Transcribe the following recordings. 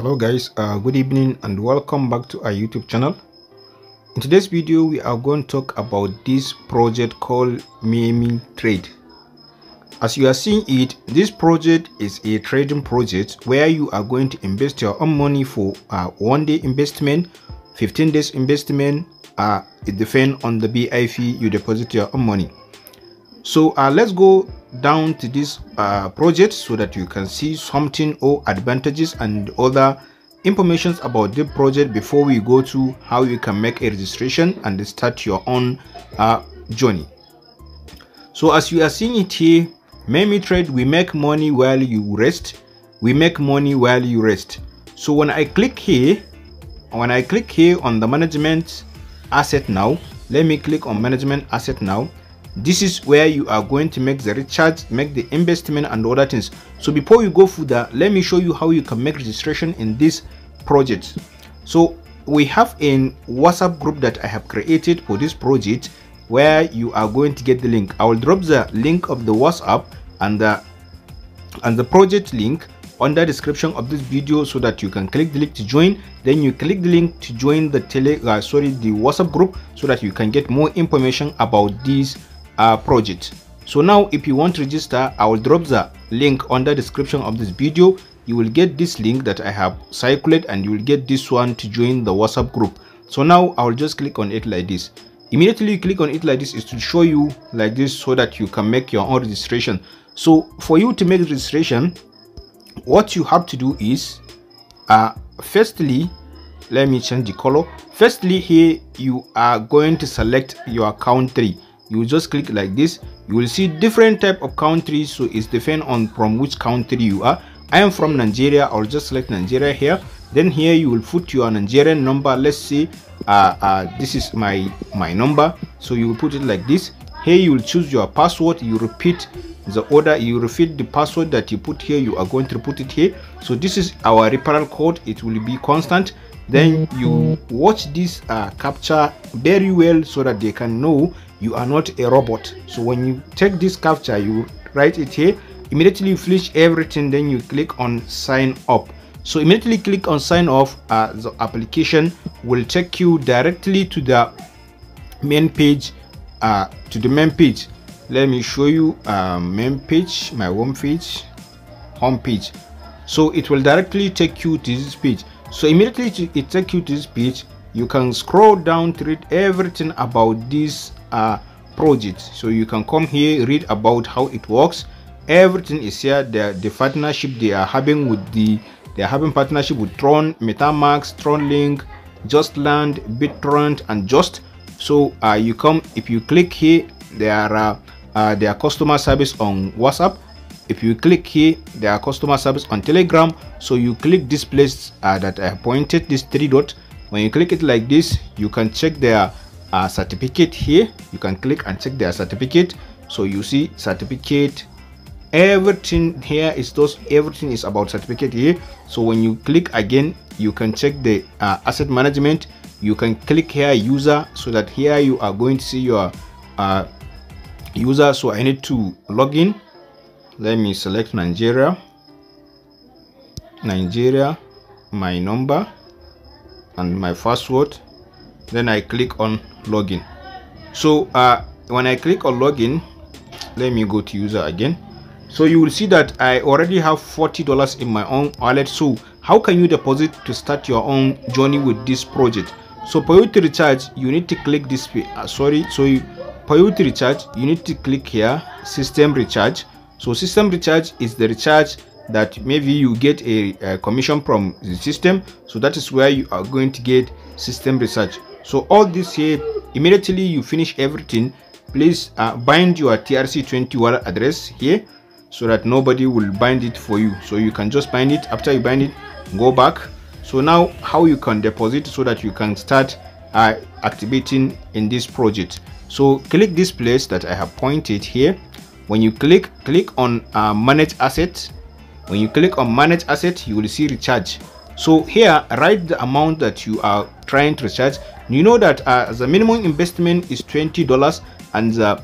hello guys uh, good evening and welcome back to our youtube channel in today's video we are going to talk about this project called Maming trade as you are seeing it this project is a trading project where you are going to invest your own money for uh, one day investment 15 days investment uh, it depends on the bif you deposit your own money so uh, let's go down to this uh, project so that you can see something or advantages and other informations about the project before we go to how you can make a registration and start your own uh, journey so as you are seeing it here meme trade we make money while you rest we make money while you rest so when i click here when i click here on the management asset now let me click on management asset now this is where you are going to make the recharge make the investment and other things so before we go further let me show you how you can make registration in this project so we have a whatsapp group that i have created for this project where you are going to get the link i will drop the link of the whatsapp and the and the project link on the description of this video so that you can click the link to join then you click the link to join the tele uh, sorry the whatsapp group so that you can get more information about this uh, project. So now if you want to register, I will drop the link on the description of this video. You will get this link that I have circulated and you will get this one to join the WhatsApp group. So now I will just click on it like this. Immediately you click on it like this is to show you like this so that you can make your own registration. So for you to make registration, what you have to do is, uh, firstly, let me change the color. Firstly, here you are going to select your country you just click like this you will see different type of countries so it's depend on from which country you are i am from nigeria i'll just select nigeria here then here you will put your nigerian number let's say uh, uh, this is my my number so you will put it like this here you will choose your password you repeat the order you repeat the password that you put here you are going to put it here so this is our referral code it will be constant then you watch this uh, capture very well so that they can know you are not a robot so when you take this capture you write it here immediately you finish everything then you click on sign up so immediately click on sign off uh, the application will take you directly to the main page uh, to the main page let me show you uh, main page my home page home page so it will directly take you to this page so immediately it takes you to this page you can scroll down to read everything about this uh, project So you can come here, read about how it works. Everything is here. The, the partnership they are having with the they are having partnership with Tron, MetaMax, TronLink, JustLand, BitTorrent, and Just. So uh, you come if you click here, there are uh, uh their customer service on WhatsApp. If you click here, their customer service on Telegram. So you click this place uh, that I pointed this three dot. When you click it like this, you can check their uh, certificate here you can click and check their certificate so you see certificate everything here is those everything is about certificate here so when you click again you can check the uh, asset management you can click here user so that here you are going to see your uh, user so I need to log in let me select Nigeria Nigeria my number and my password then I click on login so uh, when I click on login let me go to user again so you will see that I already have $40 in my own wallet so how can you deposit to start your own journey with this project so for you to recharge you need to click this uh, sorry so you, for you to recharge you need to click here system recharge so system recharge is the recharge that maybe you get a, a commission from the system so that is where you are going to get system recharge so all this here immediately you finish everything please uh, bind your trc20 wallet address here so that nobody will bind it for you so you can just bind it after you bind it go back so now how you can deposit so that you can start uh, activating in this project so click this place that i have pointed here when you click click on uh, manage assets when you click on manage asset you will see recharge so here write the amount that you are trying to recharge you know that uh, the minimum investment is 20 dollars and the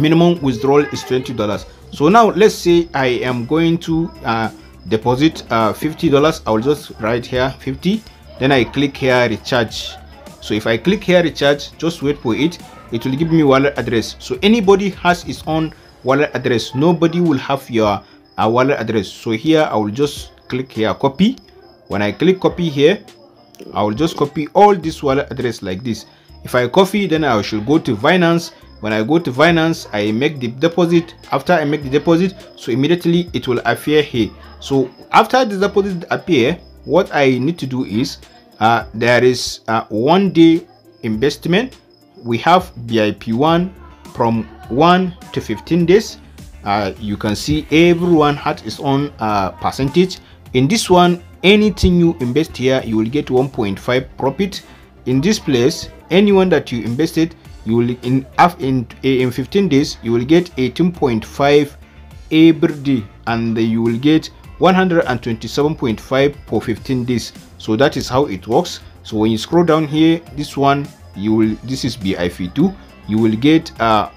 minimum withdrawal is 20 dollars so now let's say i am going to uh, deposit uh, 50 dollars i'll just write here 50 then i click here recharge so if i click here recharge just wait for it it will give me wallet address so anybody has his own wallet address nobody will have your uh, wallet address so here i will just click here copy when I click copy here I will just copy all this wallet address like this if I copy then I should go to finance. when I go to finance, I make the deposit after I make the deposit so immediately it will appear here so after the deposit appear what I need to do is uh, there is uh, one day investment we have BIP1 from 1 to 15 days uh, you can see everyone had its own uh, percentage in this one anything you invest here you will get 1.5 profit in this place anyone that you invested you will in in in 15 days you will get 18.5 every day and you will get 127.5 for 15 days so that is how it works so when you scroll down here this one you will this is bif2 you will get uh,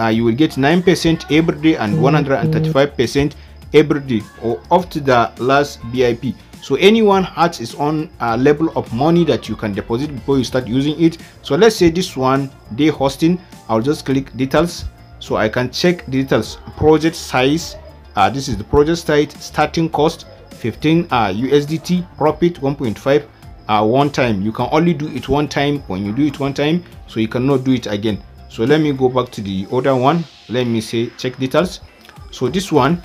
uh you will get 9% every day and 135% every day or after the last BIP so anyone has its own uh, level of money that you can deposit before you start using it so let's say this one day hosting i'll just click details so i can check details project size uh, this is the project site starting cost 15 uh, usdt profit 1.5 uh, one time you can only do it one time when you do it one time so you cannot do it again so let me go back to the other one let me say check details so this one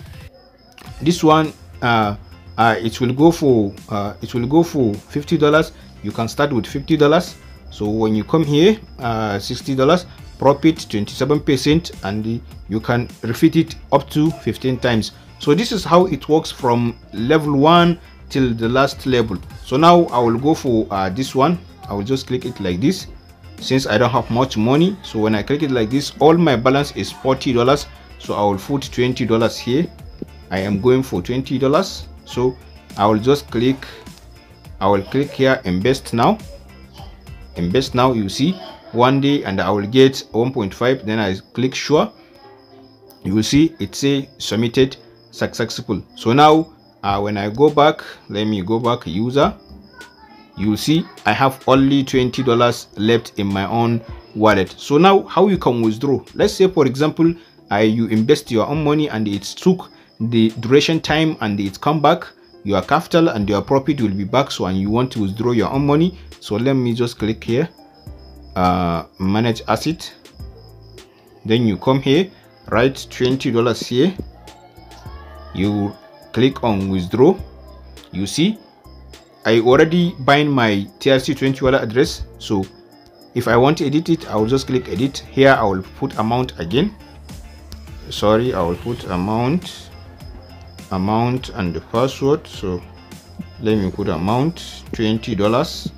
this one uh, uh, it will go for uh, it will go for $50 you can start with $50 so when you come here uh, $60 profit 27% and you can refit it up to 15 times so this is how it works from level 1 till the last level so now I will go for uh, this one I will just click it like this since I don't have much money so when I click it like this all my balance is $40 so I will put $20 here I am going for $20 so i will just click i will click here invest now invest now you see one day and i will get 1.5 then i click sure you will see it say submitted successful so now uh, when i go back let me go back user you see i have only 20 dollars left in my own wallet so now how you can withdraw let's say for example uh, you invest your own money and it took the duration time and its comeback your capital and your profit will be back so and you want to withdraw your own money so let me just click here uh, manage asset then you come here write 20 dollars here you click on withdraw you see i already bind my trc 20 dollar address so if i want to edit it i will just click edit here i will put amount again sorry i will put amount amount and the password so let me put amount $20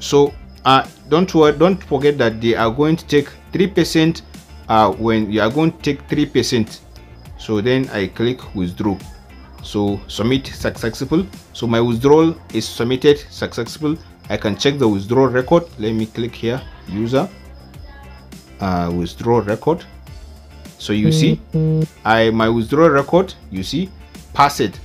so uh, don't worry don't forget that they are going to take 3% uh, when you are going to take 3% so then I click withdraw so submit successful so my withdrawal is submitted successful I can check the withdrawal record let me click here user uh, withdrawal record so you see, I my withdrawal record, you see, pass it.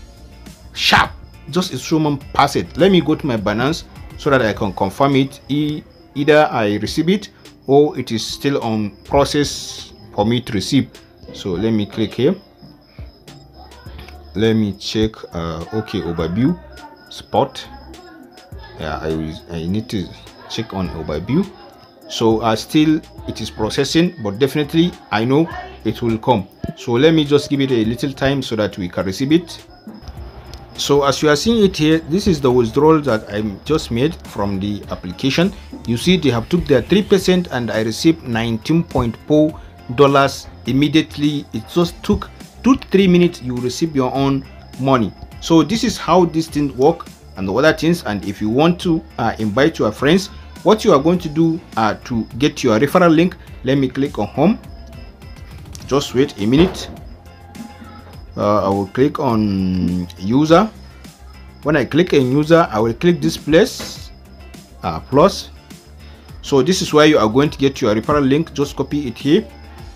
Sharp. Just instrument pass it. Let me go to my balance so that I can confirm it. E either I receive it or it is still on process for me to receive. So let me click here. Let me check uh, okay overview spot. Yeah, I will I need to check on overview. So uh, still it is processing, but definitely I know it will come so let me just give it a little time so that we can receive it so as you are seeing it here this is the withdrawal that i just made from the application you see they have took their three percent and i received 19.4 dollars immediately it just took two three minutes you receive your own money so this is how this thing work and the other things and if you want to uh, invite your friends what you are going to do uh, to get your referral link let me click on home just wait a minute uh, I will click on user when I click on user I will click this place uh, plus so this is where you are going to get your referral link just copy it here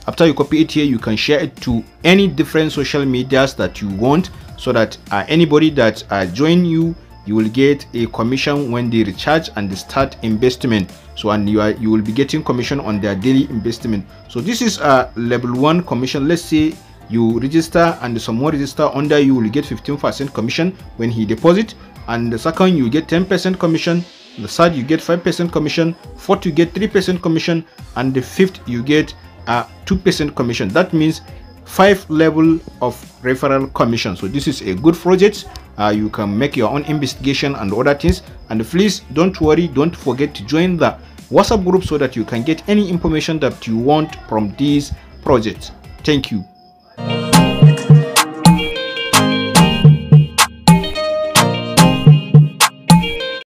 after you copy it here you can share it to any different social medias that you want so that uh, anybody that uh, join you you will get a commission when they recharge and they start investment so and you are you will be getting commission on their daily investment so this is a level one commission let's say you register and someone register under you will get 15 percent commission when he deposit and the second you get 10 percent commission the third you get 5 percent commission fourth you get 3 percent commission and the fifth you get a 2 percent commission that means five level of referral commission so this is a good project uh, you can make your own investigation and other things and please don't worry don't forget to join the whatsapp group so that you can get any information that you want from these projects thank you